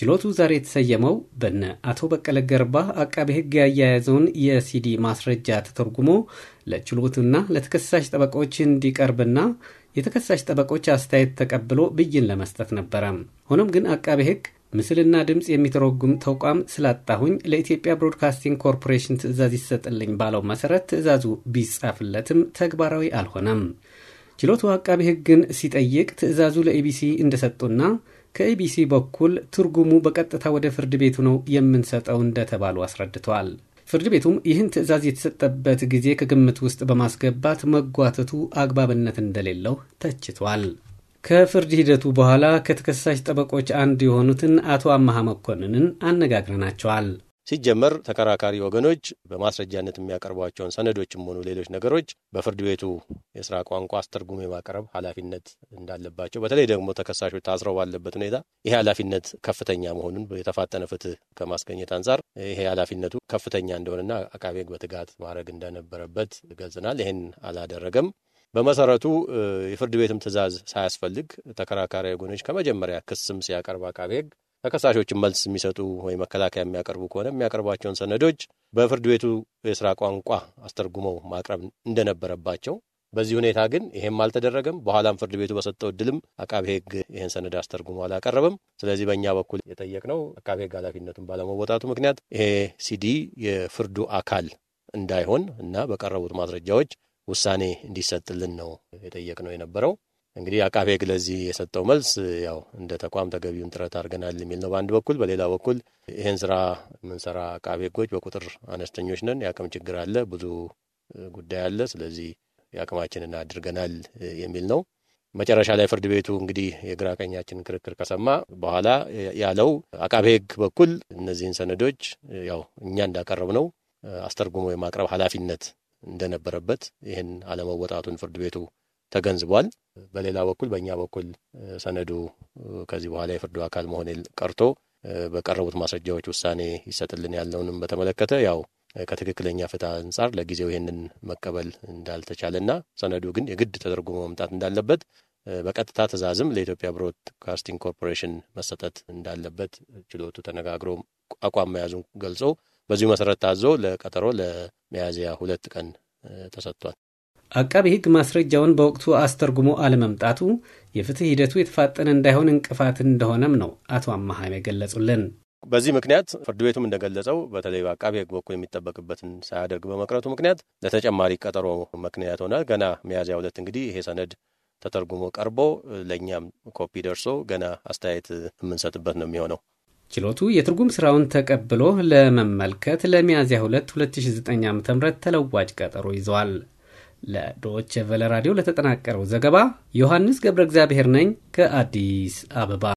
ችሎቱ ዛሬ የተሰየመው በነ አቶ በቀለ ገርባ አቃቤ ሕግ ያያያዘውን የሲዲ ማስረጃ ተተርጉሞ ለችሎቱና ለተከሳሽ ጠበቆች እንዲቀርብና የተከሳሽ ጠበቆች አስተያየት ተቀብሎ ብይን ለመስጠት ነበረ። ሆኖም ግን አቃቤ ሕግ ምስልና ድምፅ የሚተረጉም ተቋም ስላጣሁኝ ለኢትዮጵያ ብሮድካስቲንግ ኮርፖሬሽን ትዕዛዝ ይሰጥልኝ ባለው መሰረት ትዕዛዙ ቢጻፍለትም ተግባራዊ አልሆነም። ችሎቱ አቃቤ ሕግን ሲጠይቅ ትዕዛዙ ለኢቢሲ እንደሰጡና ከኢቢሲ በኩል ትርጉሙ በቀጥታ ወደ ፍርድ ቤቱ ነው የምንሰጠው እንደተባሉ አስረድተዋል። ፍርድ ቤቱም ይህን ትዕዛዝ የተሰጠበት ጊዜ ከግምት ውስጥ በማስገባት መጓተቱ አግባብነት እንደሌለው ተችቷል። ከፍርድ ሂደቱ በኋላ ከተከሳሽ ጠበቆች አንዱ የሆኑትን አቶ አመሃ መኮንንን አነጋግረናቸዋል። ሲጀመር ተከራካሪ ወገኖች በማስረጃነት የሚያቀርቧቸውን ሰነዶችም ሆኑ ሌሎች ነገሮች በፍርድ ቤቱ የስራ ቋንቋ አስተርጉሞ የማቅረብ ኃላፊነት እንዳለባቸው በተለይ ደግሞ ተከሳሾች ታስረው ባለበት ሁኔታ ይሄ ኃላፊነት ከፍተኛ መሆኑን የተፋጠነ ፍትህ ከማስገኘት አንጻር ይሄ ኃላፊነቱ ከፍተኛ እንደሆነና አቃቤ ሕግ በትጋት ማድረግ እንደነበረበት ገልጽናል። ይህን አላደረገም። በመሰረቱ የፍርድ ቤትም ትዕዛዝ ሳያስፈልግ ተከራካሪ ወገኖች ከመጀመሪያ ክስም ሲያቀርብ አቃቤ ሕግ ተከሳሾችን መልስ የሚሰጡ ወይ መከላከያ የሚያቀርቡ ከሆነ የሚያቀርቧቸውን ሰነዶች በፍርድ ቤቱ የስራ ቋንቋ አስተርጉመው ማቅረብ እንደነበረባቸው በዚህ ሁኔታ ግን ይሄም አልተደረገም። በኋላም ፍርድ ቤቱ በሰጠው እድልም አቃቤ ሕግ ይህን ሰነድ አስተርጉሞ አላቀረበም። ስለዚህ በእኛ በኩል የጠየቅነው አቃቤ ሕግ ኃላፊነቱን ባለመወጣቱ ምክንያት ይሄ ሲዲ የፍርዱ አካል እንዳይሆን እና በቀረቡት ማስረጃዎች ውሳኔ እንዲሰጥልን ነው የጠየቅነው የነበረው። እንግዲህ አቃቤ ሕግ ለዚህ የሰጠው መልስ ያው እንደ ተቋም ተገቢውን ጥረት አድርገናል የሚል ነው በአንድ በኩል። በሌላ በኩል ይህን ስራ የምንሰራ አቃቤ ሕጎች በቁጥር አነስተኞች ነን፣ የአቅም ችግር አለ፣ ብዙ ጉዳይ አለ፣ ስለዚህ የአቅማችንን አድርገናል የሚል ነው። መጨረሻ ላይ ፍርድ ቤቱ እንግዲህ የግራ ቀኛችን ክርክር ከሰማ በኋላ ያለው አቃቤ ሕግ በኩል እነዚህን ሰነዶች ያው እኛ እንዳቀረብ ነው አስተርጉሞ የማቅረብ ኃላፊነት እንደነበረበት ይህን አለመወጣቱን ፍርድ ቤቱ ተገንዝቧል። በሌላ በኩል በእኛ በኩል ሰነዱ ከዚህ በኋላ የፍርዱ አካል መሆን ቀርቶ በቀረቡት ማስረጃዎች ውሳኔ ይሰጥልን ያለውንም በተመለከተ ያው ከትክክለኛ ፍትህ አንጻር ለጊዜው ይህንን መቀበል እንዳልተቻለና ሰነዱ ግን የግድ ተደርጎ መምጣት እንዳለበት በቀጥታ ትዕዛዝም ለኢትዮጵያ ብሮድካስቲንግ ኮርፖሬሽን መሰጠት እንዳለበት ችሎቱ ተነጋግሮ አቋም መያዙን ገልጾ በዚሁ መሰረት ታዞ ለቀጠሮ ለሚያዝያ ሁለት ቀን ተሰጥቷል። አቃቤ ሕግ ማስረጃውን በወቅቱ አስተርጉሞ አለመምጣቱ የፍትህ ሂደቱ የተፋጠነ እንዳይሆን እንቅፋት እንደሆነም ነው አቶ አማሃም የገለጹልን። በዚህ ምክንያት ፍርድ ቤቱም እንደገለጸው በተለይ በአቃቤ ሕግ በኩል የሚጠበቅበትን ሳያደርግ በመቅረቱ ምክንያት ለተጨማሪ ቀጠሮ ምክንያት ሆናል። ገና ሚያዝያ ሁለት እንግዲህ ይሄ ሰነድ ተተርጉሞ ቀርቦ ለእኛም ኮፒ ደርሶ ገና አስተያየት የምንሰጥበት ነው የሚሆነው። ችሎቱ የትርጉም ስራውን ተቀብሎ ለመመልከት ለሚያዝያ 2 2009 ዓ ም ተለዋጭ ቀጠሮ ይዘዋል። ለዶች ቨለ ራዲዮ ለተጠናቀረው ዘገባ ዮሐንስ ገብረ እግዚአብሔር ነኝ ከአዲስ አበባ